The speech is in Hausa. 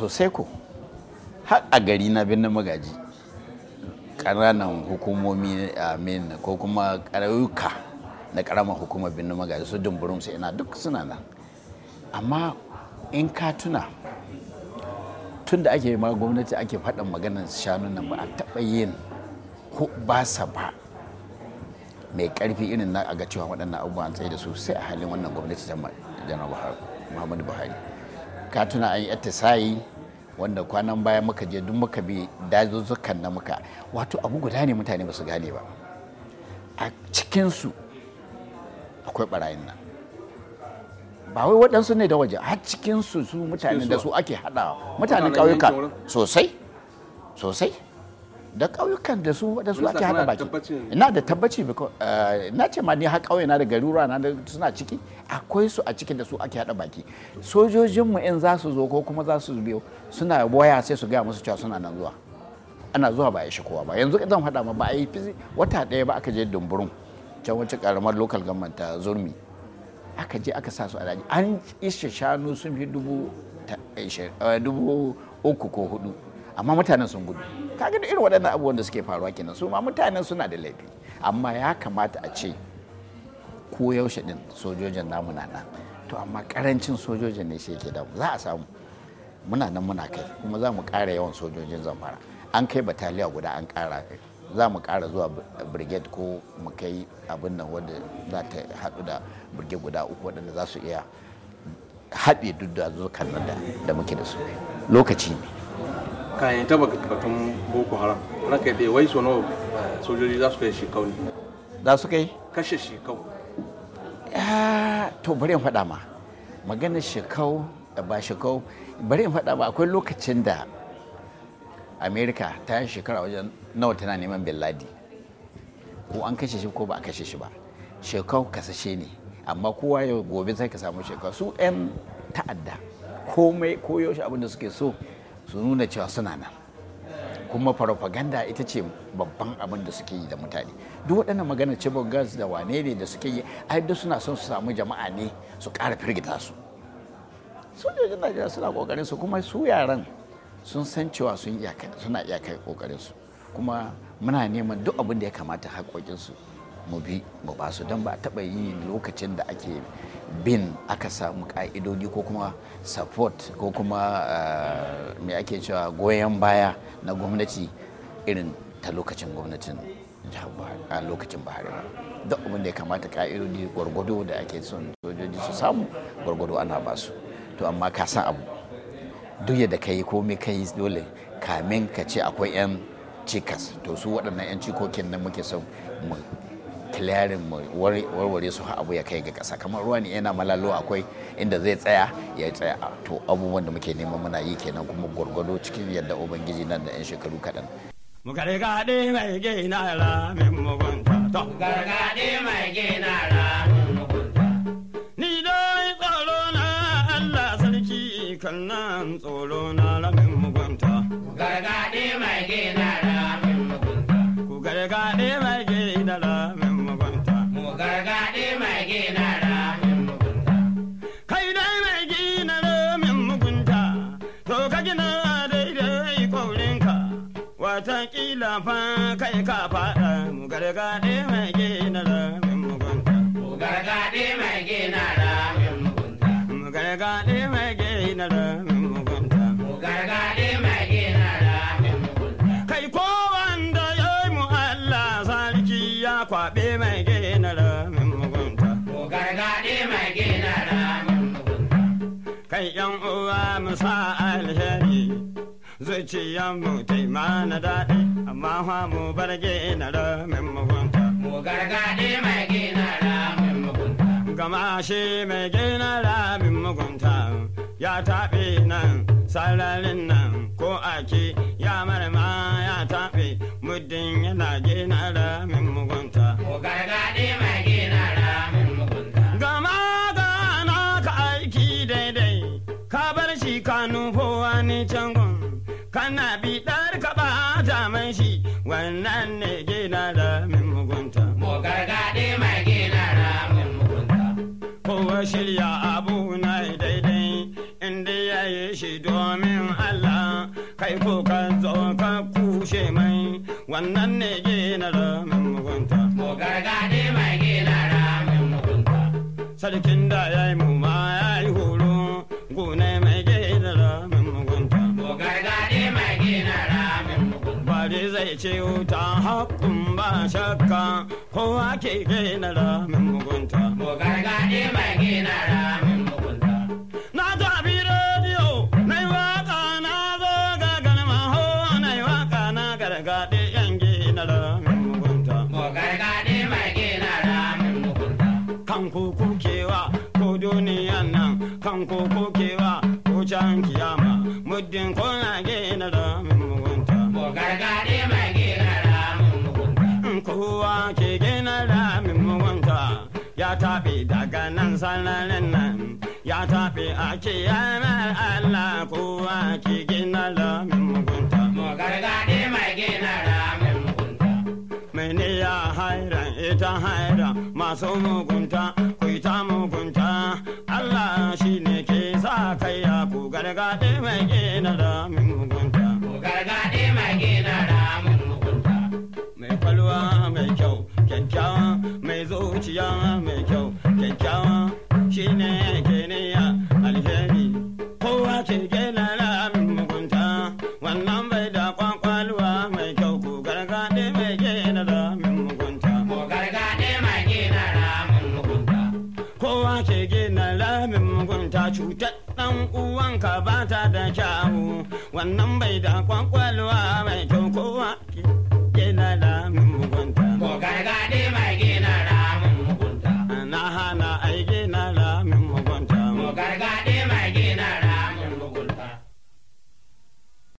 sosai ko har a gari na birnin magaji ƙananan hukumomi ko kuma ƙarauka na ƙaramar hukumar birnin magaji su dumburum su ina duk suna nan amma in ka tuna tun da ake ma gwamnati ake faɗin maganar shanun nan ba a taɓa yin ba sa ba mai ƙarfi irin na ga cewa waɗannan abubuwa an tsaye da su sai a halin wannan gwamnati ta janar muhammadu buhari ka tuna an yi atisayi wanda kwanan baya muka je duk muka bi dazuzzukan na muka wato abu guda ne mutane ba su gane ba a cikinsu akwai barayin nan ba wai waɗansu ne da waje har cikinsu su mutane da su ake haɗawa mutanen ƙauyuka sosai sosai da ƙauyukan da su da su ake haɗa baki ina da tabbaci eh, na ce ma ni har ƙauye na da garuruwa na suna ciki akwai su a cikin da su ake haɗa baki sojojin mu in za su zo ko kuma za su biyo suna waya sai su gaya musu cewa suna nan zuwa ana zuwa ba a shi kowa ba yanzu zan hada ma ba a yi wata ɗaya ba aka je dumburun can wacce karamar local government ta zurmi aka je aka sa su a daji an ishe shanu sun fi dubu eh, eh, uku ko hudu amma mutanen sun gudu kaga da irin waɗannan abubuwan da suke faruwa kenan su ma mutanen suna da laifi amma ya kamata a ce ko yaushe din sojojin namu na nan to amma karancin sojojin ne shi yake da za a samu muna nan muna kai kuma za mu ƙara yawan sojojin zamfara an kai bataliya guda an ƙara za mu ƙara zuwa brigade ko mu kai abin nan wanda za ta haɗu da brigade guda uku waɗanda za su iya haɗe duk da zukan da muke da su lokaci ne kayan ta batun boko haram ranka da wai sono sojoji za su kai shi kauni za su kai kashe shi kau to bari in faɗa ma maganar shekau ba shekau bari in faɗa ma akwai lokacin da amerika ta yi shekara wajen nawa tana neman bin ladi ko an kashe shi ko ba a kashe shi ba shekau kasashe ne amma kowa ya gobe sai ka samu shekau su 'yan ta'adda komai yaushe abin da suke so su nuna cewa suna nan kuma farfaganda ita ce babban abin da suke yi da mutane duk waɗannan maganar cibin gas da wane ne da suke yi ai duk suna son su samu jama'a ne su ƙara firgita su sojojin najeriya suna ƙoƙarin su kuma su yaran sun san cewa suna iyakai ƙoƙarin su kuma muna neman duk abin da ya kamata haƙoƙinsu mu bi mu ba su don ba taɓa yi lokacin da ake bin aka samu ƙa'idodi ko kuma support ko kuma eh, me ake cewa goyon baya na gwamnati irin ta lokacin gwamnatin a lokacin bahari ba duk abin da ya kamata ƙa'idodi gwargwado da ake son sojoji su samu gwargwado ana ba su to amma ka san abu duk da ka yi komai ka yi dole kamin ka ce akwai 'yan cikas to su waɗannan 'yan cikokin nan muke son mu kilarin warware su abu ya kai ga ƙasa kamar ruwa ne yana malalo akwai inda zai tsaya ya tsaya to abubuwan da muke neman muna yi kenan kuma gwargwado cikin yadda ubangiji nan da 'yan shekaru kaɗan Gargaɗe mai gina ra mai mugunta. Gargaɗe mai gina ra fa kai ka faɗa mu gargaɗe mai gina mugunta. Mu gargaɗe mai gina mugunta. Mu gargaɗe mai gina mugunta. Kai ko wanda ya yi mu Allah sarki ya kwaɓe mai gina ramin mugunta. Mu gargaɗe mai gina mugunta. Kai ƴan uwa mu sa'a. zuciya mu taima na daɗi amma fa mu bar gina min mugunta. Mu gargaɗi mai gina min mugunta. Gama shi mai gina min mugunta ya taɓe nan sararin nan ko ake ya marama ya taɓe muddin yana gina min mugunta. nan ne gina da min mugunta. Mo gargaɗe mai gina da min mugunta. Kowa shirya abu na daidai inda ya yi shi domin Allah kai ko ka zo ka kushe mai wannan ne gina da min mugunta. Mo gargaɗe mai gina da min mugunta. Sarkin da ya yi mu ce wuta haƙƙun ba shakka ko ake gina ramin mugunta. Ko gargaɗe mai gina ramin mugunta. Na tafi rediyo, na yi waƙa na zo ga galma ho, na yi waƙa na gargaɗe yan gina ramin mugunta. Ko gargaɗe mai gina ramin mugunta. Kan ku kukewa ko duniyan nan, kan ku kukewa ko can kiyama, muddin kuna gina ramin ke gina ramin mugunta ya tafi daga nan sanarin nan ya tafi a kiyamar Allah kowa ke gina ramin mugunta. Mu gargaɗe mai gina ramin mugunta. ne ya haira ita haira masu mugunta ku ita mugunta Allah shi ne ke sa kai ya ku gargaɗe mai gina ramin kyakkyawa mai zuciya mai kyau kyakkyawa shine alheri kowa ke min mugunta wannan bai da kwakwalwa mai kyau ku gargaɗe mai gelara mugunta min mugunta cutar dan uwanka ba ta da kyawu wannan bai da kwakwalwa mai kyau